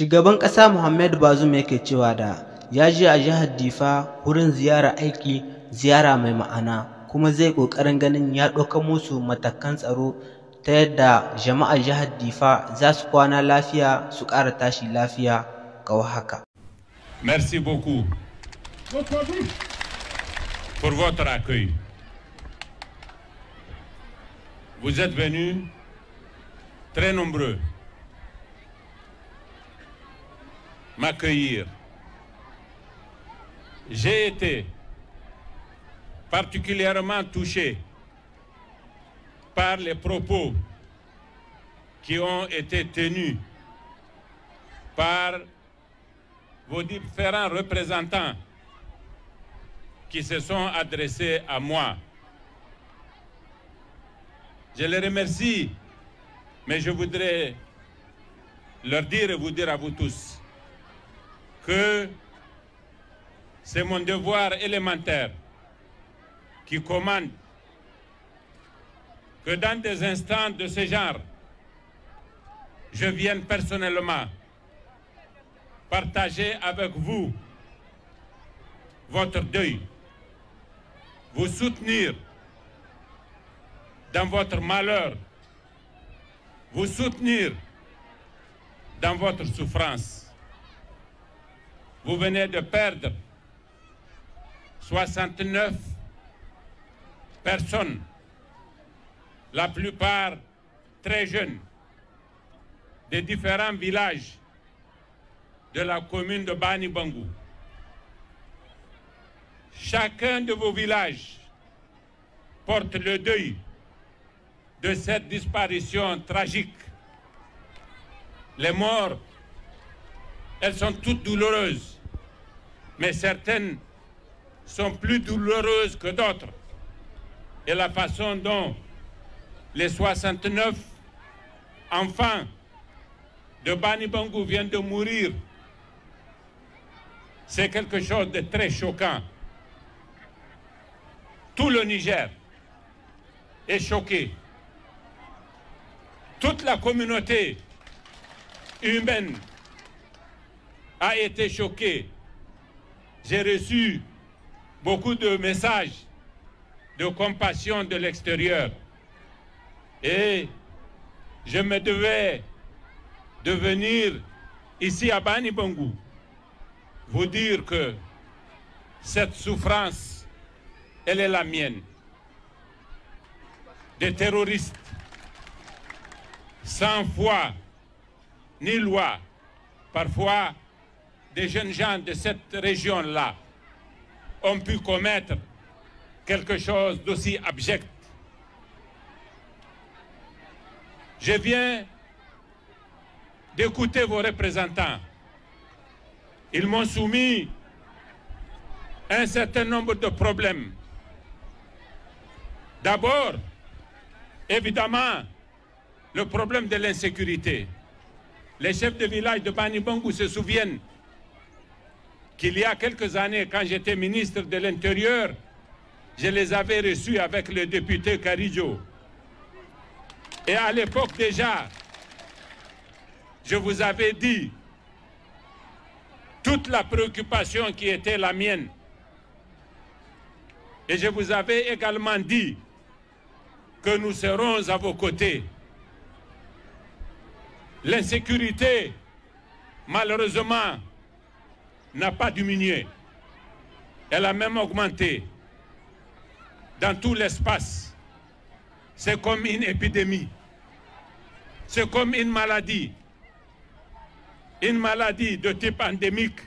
shugaban ƙasa muhammadu Bazoum yake cewa da ya je a jihar difa wurin ziyara aiki ziyara mai ma'ana kuma zai ƙoƙarin ganin ya ɗauka musu matakan tsaro ta yadda jama'ar jihar difa za su kwana lafiya su ƙara tashi lafiya kawo haka merci beaucoup pour votre accueil vous êtes venus très nombreux m'accueillir. J'ai été particulièrement touché par les propos qui ont été tenus par vos différents représentants qui se sont adressés à moi. Je les remercie, mais je voudrais leur dire et vous dire à vous tous que c'est mon devoir élémentaire qui commande que dans des instants de ce genre, je vienne personnellement partager avec vous votre deuil, vous soutenir dans votre malheur, vous soutenir dans votre souffrance vous venez de perdre 69 personnes, la plupart très jeunes, des différents villages de la commune de Bani Bangou. Chacun de vos villages porte le deuil de cette disparition tragique. Les morts elles sont toutes douloureuses, mais certaines sont plus douloureuses que d'autres. Et la façon dont les 69 enfants de Bani Bangou viennent de mourir, c'est quelque chose de très choquant. Tout le Niger est choqué. Toute la communauté humaine a été choqué. J'ai reçu beaucoup de messages de compassion de l'extérieur. Et je me devais de venir ici à Bani bongo vous dire que cette souffrance, elle est la mienne. Des terroristes, sans foi ni loi, parfois des jeunes gens de cette région-là ont pu commettre quelque chose d'aussi abject. Je viens d'écouter vos représentants. Ils m'ont soumis un certain nombre de problèmes. D'abord, évidemment, le problème de l'insécurité. Les chefs de village de Banibangou se souviennent qu'il y a quelques années, quand j'étais ministre de l'Intérieur, je les avais reçus avec le député Caridjo. Et à l'époque déjà, je vous avais dit toute la préoccupation qui était la mienne. Et je vous avais également dit que nous serons à vos côtés. L'insécurité, malheureusement, n'a pas diminué. Elle a même augmenté dans tout l'espace. C'est comme une épidémie. C'est comme une maladie. Une maladie de type endémique.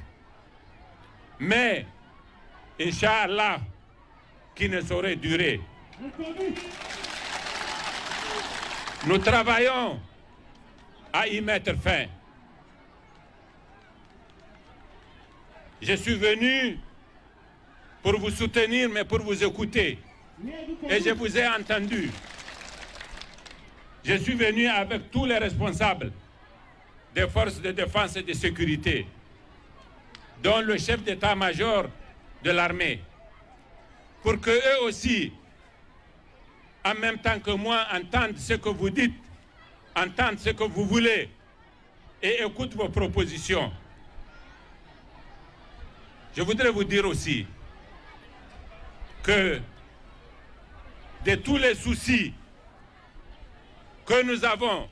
Mais, Inch'Allah, qui ne saurait durer. Nous travaillons à y mettre fin. Je suis venu pour vous soutenir, mais pour vous écouter. Et je vous ai entendu. Je suis venu avec tous les responsables des forces de défense et de sécurité, dont le chef d'état-major de l'armée, pour que eux aussi, en même temps que moi, entendent ce que vous dites, entendent ce que vous voulez et écoutent vos propositions. Je voudrais vous dire aussi que de tous les soucis que nous avons,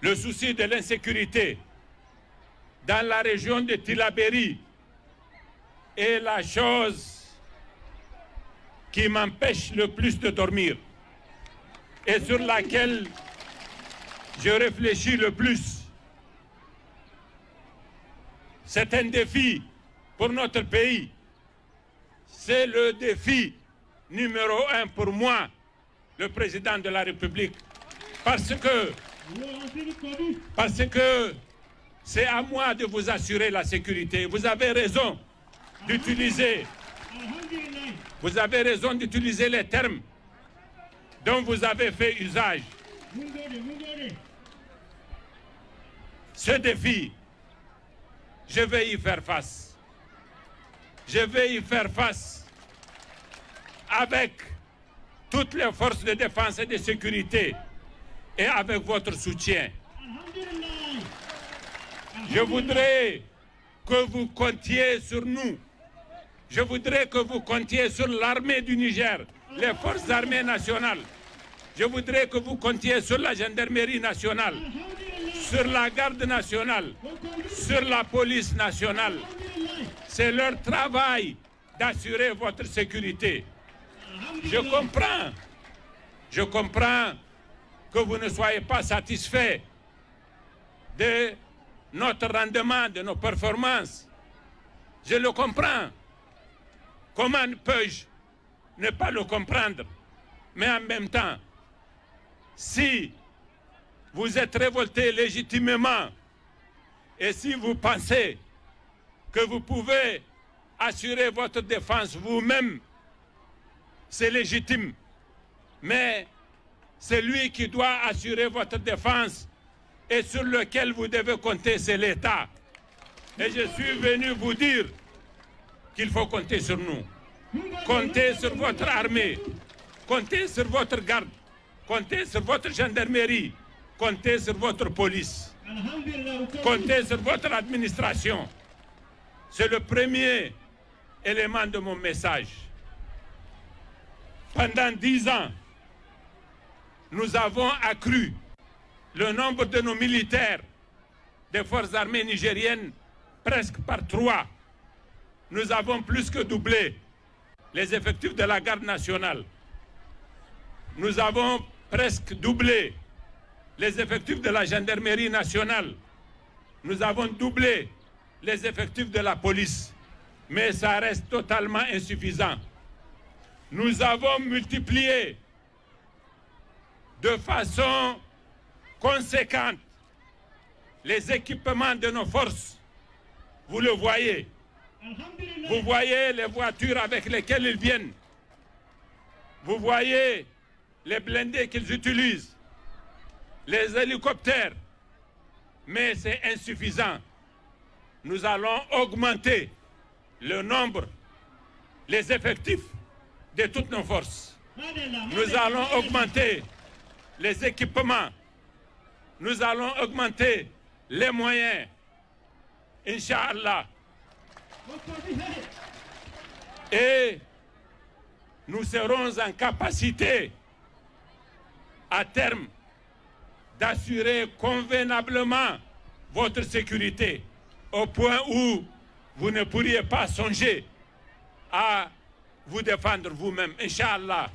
le souci de l'insécurité dans la région de Tilaberi est la chose qui m'empêche le plus de dormir et sur laquelle je réfléchis le plus. C'est un défi pour notre pays. C'est le défi numéro un pour moi, le président de la République. Parce que parce que c'est à moi de vous assurer la sécurité. Vous avez raison d'utiliser vous avez raison d'utiliser les termes dont vous avez fait usage. Ce défi, je vais y faire face je vais y faire face avec toutes les forces de défense et de sécurité et avec votre soutien. Je voudrais que vous comptiez sur nous. Je voudrais que vous comptiez sur l'armée du Niger, les forces armées nationales. Je voudrais que vous comptiez sur la gendarmerie nationale, sur la garde nationale, sur la police nationale, c'est leur travail d'assurer votre sécurité. Je comprends. Je comprends que vous ne soyez pas satisfait de notre rendement, de nos performances. Je le comprends. Comment peux-je ne pas le comprendre Mais en même temps, si vous êtes révolté légitimement et si vous pensez que vous pouvez assurer votre défense vous-même, c'est légitime. Mais celui qui doit assurer votre défense et sur lequel vous devez compter, c'est l'État. Et je suis venu vous dire qu'il faut compter sur nous. Comptez sur votre armée, comptez sur votre garde, comptez sur votre gendarmerie, comptez sur votre police, comptez sur votre administration. C'est le premier élément de mon message. Pendant dix ans, nous avons accru le nombre de nos militaires des forces armées nigériennes presque par trois. Nous avons plus que doublé les effectifs de la garde nationale. Nous avons presque doublé les effectifs de la gendarmerie nationale. Nous avons doublé les effectifs de la police, mais ça reste totalement insuffisant. Nous avons multiplié de façon conséquente les équipements de nos forces. Vous le voyez. Vous voyez les voitures avec lesquelles ils viennent. Vous voyez les blindés qu'ils utilisent, les hélicoptères. Mais c'est insuffisant nous allons augmenter le nombre, les effectifs de toutes nos forces. Nous allons augmenter les équipements. Nous allons augmenter les moyens. Inch'Allah. Et nous serons en capacité, à terme, d'assurer convenablement votre sécurité au point où vous ne pourriez pas songer à vous défendre vous-même, Inch'Allah.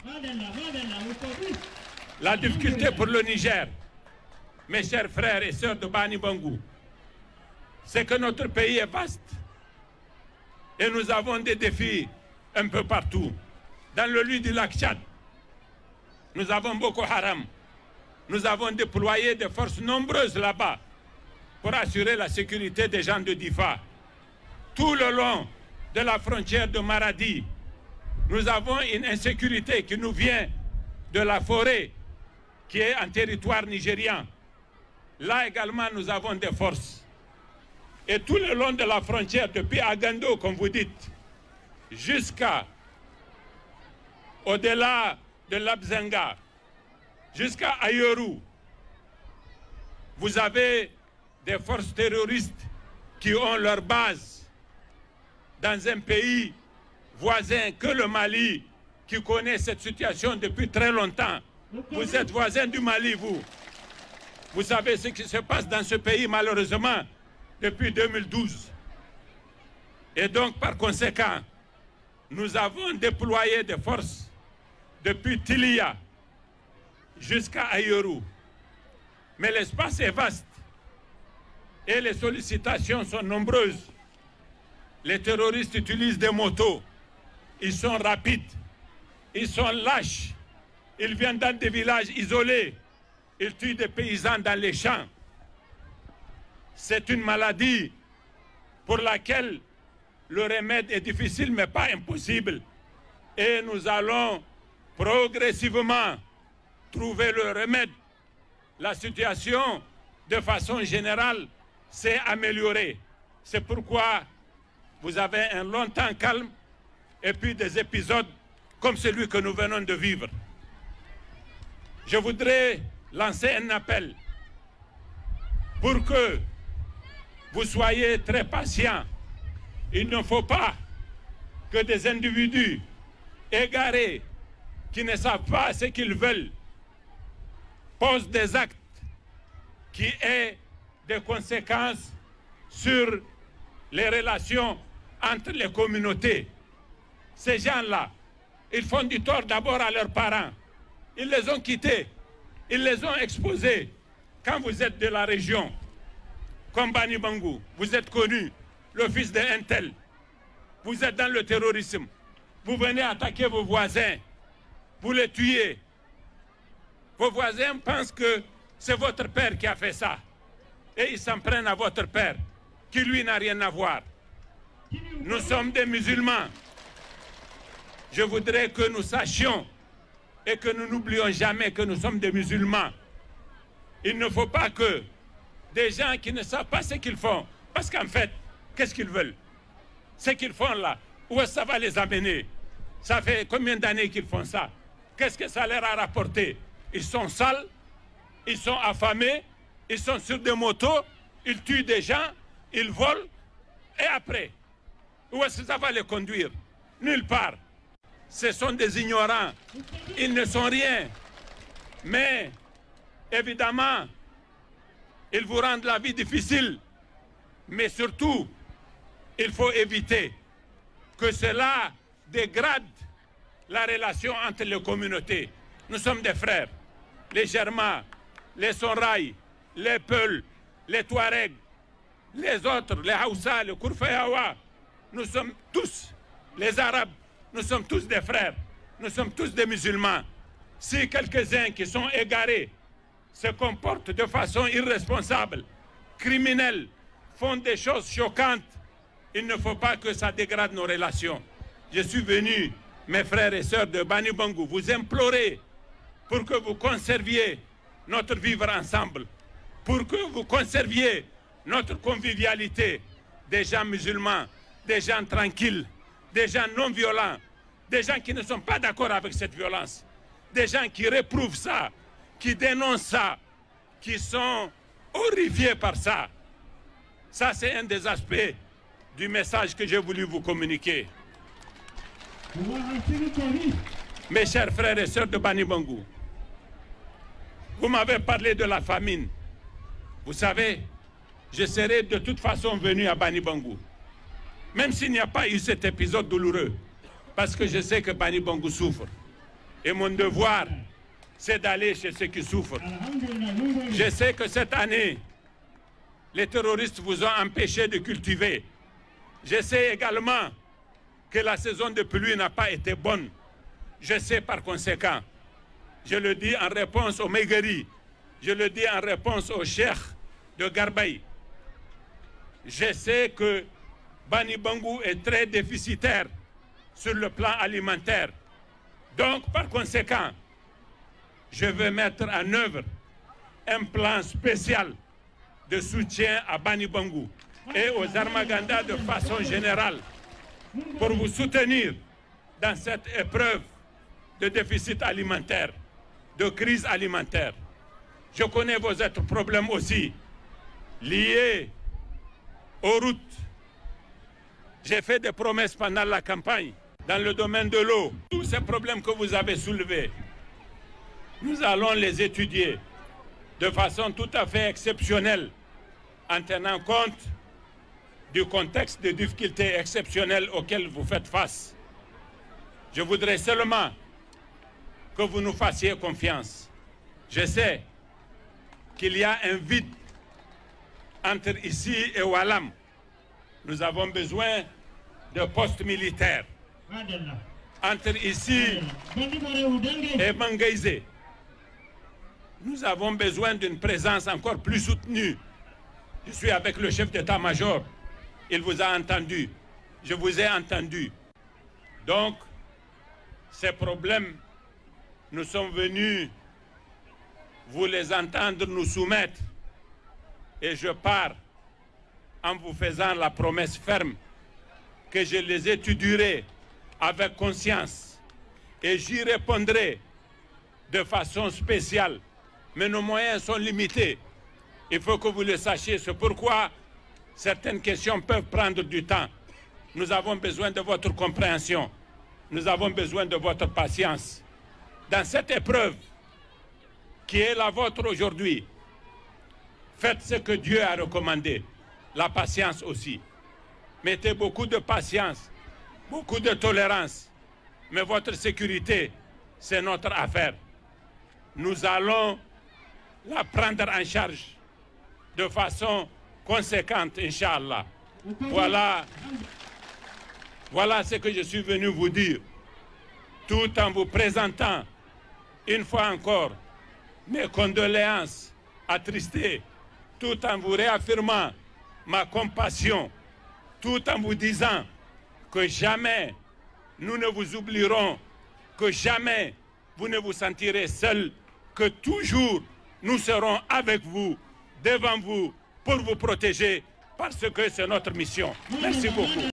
La difficulté pour le Niger, mes chers frères et sœurs de Bani Bangou, c'est que notre pays est vaste et nous avons des défis un peu partout. Dans le lieu du lac Tchad, nous avons beaucoup Haram. Nous avons déployé des forces nombreuses là-bas pour assurer la sécurité des gens de Difa. Tout le long de la frontière de Maradi, nous avons une insécurité qui nous vient de la forêt qui est en territoire nigérian. Là également, nous avons des forces. Et tout le long de la frontière, depuis Agando, comme vous dites, jusqu'à au-delà de l'Abzenga, jusqu'à Ayoru, vous avez des forces terroristes qui ont leur base dans un pays voisin que le Mali, qui connaît cette situation depuis très longtemps. Vous êtes voisin du Mali, vous. Vous savez ce qui se passe dans ce pays, malheureusement, depuis 2012. Et donc, par conséquent, nous avons déployé des forces depuis Tilia jusqu'à Ayuru. Mais l'espace est vaste et les sollicitations sont nombreuses. Les terroristes utilisent des motos. Ils sont rapides. Ils sont lâches. Ils viennent dans des villages isolés. Ils tuent des paysans dans les champs. C'est une maladie pour laquelle le remède est difficile mais pas impossible. Et nous allons progressivement trouver le remède. La situation, de façon générale, c'est améliorée. C'est pourquoi vous avez un long temps calme et puis des épisodes comme celui que nous venons de vivre. Je voudrais lancer un appel pour que vous soyez très patients. Il ne faut pas que des individus égarés qui ne savent pas ce qu'ils veulent posent des actes qui est des conséquences sur les relations entre les communautés. Ces gens-là, ils font du tort d'abord à leurs parents. Ils les ont quittés, ils les ont exposés. Quand vous êtes de la région, comme Bani Bangou, vous êtes connu, le fils d'un tel, vous êtes dans le terrorisme, vous venez attaquer vos voisins, vous les tuez. Vos voisins pensent que c'est votre père qui a fait ça et ils s'en prennent à votre père, qui lui n'a rien à voir. Nous sommes des musulmans. Je voudrais que nous sachions et que nous n'oublions jamais que nous sommes des musulmans. Il ne faut pas que des gens qui ne savent pas ce qu'ils font, parce qu'en fait, qu'est-ce qu'ils veulent Ce qu'ils font là, où ça va les amener Ça fait combien d'années qu'ils font ça Qu'est-ce que ça leur a rapporté Ils sont sales, ils sont affamés, ils sont sur des motos, ils tuent des gens, ils volent, et après, où est-ce que ça va les conduire Nulle part. Ce sont des ignorants, ils ne sont rien. Mais, évidemment, ils vous rendent la vie difficile, mais surtout, il faut éviter que cela dégrade la relation entre les communautés. Nous sommes des frères, les Germains, les Sonrailles, les Peuls, les Touaregs, les autres, les Haoussa, les Kourfayawa, nous sommes tous, les Arabes, nous sommes tous des frères, nous sommes tous des musulmans. Si quelques-uns qui sont égarés se comportent de façon irresponsable, criminelle, font des choses choquantes, il ne faut pas que ça dégrade nos relations. Je suis venu, mes frères et sœurs de Bani Bangou, vous implorer pour que vous conserviez notre vivre ensemble pour que vous conserviez notre convivialité des gens musulmans, des gens tranquilles, des gens non violents, des gens qui ne sont pas d'accord avec cette violence, des gens qui réprouvent ça, qui dénoncent ça, qui sont horrifiés par ça. Ça, c'est un des aspects du message que j'ai voulu vous communiquer. Mes chers frères et sœurs de Banibangou, vous m'avez parlé de la famine. Vous savez, je serai de toute façon venu à Bani Bangou. Même s'il n'y a pas eu cet épisode douloureux, parce que je sais que Bani souffre. Et mon devoir, c'est d'aller chez ceux qui souffrent. Je sais que cette année, les terroristes vous ont empêché de cultiver. Je sais également que la saison de pluie n'a pas été bonne. Je sais par conséquent, je le dis en réponse aux maigris je le dis en réponse au chef de Garbaï. Je sais que Bani Bangou est très déficitaire sur le plan alimentaire. Donc, par conséquent, je vais mettre en œuvre un plan spécial de soutien à Bani et aux Armaganda de façon générale pour vous soutenir dans cette épreuve de déficit alimentaire, de crise alimentaire. Je connais vos autres problèmes aussi, liés aux routes. J'ai fait des promesses pendant la campagne dans le domaine de l'eau. Tous ces problèmes que vous avez soulevés, nous allons les étudier de façon tout à fait exceptionnelle en tenant compte du contexte de difficultés exceptionnelles auxquelles vous faites face. Je voudrais seulement que vous nous fassiez confiance. Je sais qu'il y a un vide entre ici et Walam. Nous avons besoin de postes militaires. Entre ici et Mangaïsé. Nous avons besoin d'une présence encore plus soutenue. Je suis avec le chef d'état-major. Il vous a entendu. Je vous ai entendu. Donc, ces problèmes nous sont venus vous les entendre nous soumettre. Et je pars en vous faisant la promesse ferme que je les étudierai avec conscience et j'y répondrai de façon spéciale. Mais nos moyens sont limités. Il faut que vous le sachiez. C'est pourquoi certaines questions peuvent prendre du temps. Nous avons besoin de votre compréhension. Nous avons besoin de votre patience. Dans cette épreuve, qui est la vôtre aujourd'hui. Faites ce que Dieu a recommandé, la patience aussi. Mettez beaucoup de patience, beaucoup de tolérance, mais votre sécurité, c'est notre affaire. Nous allons la prendre en charge de façon conséquente, Inch'Allah. Mhm. Voilà, voilà ce que je suis venu vous dire, tout en vous présentant une fois encore mes condoléances attristées, tout en vous réaffirmant ma compassion, tout en vous disant que jamais nous ne vous oublierons, que jamais vous ne vous sentirez seul, que toujours nous serons avec vous, devant vous, pour vous protéger, parce que c'est notre mission. Merci beaucoup.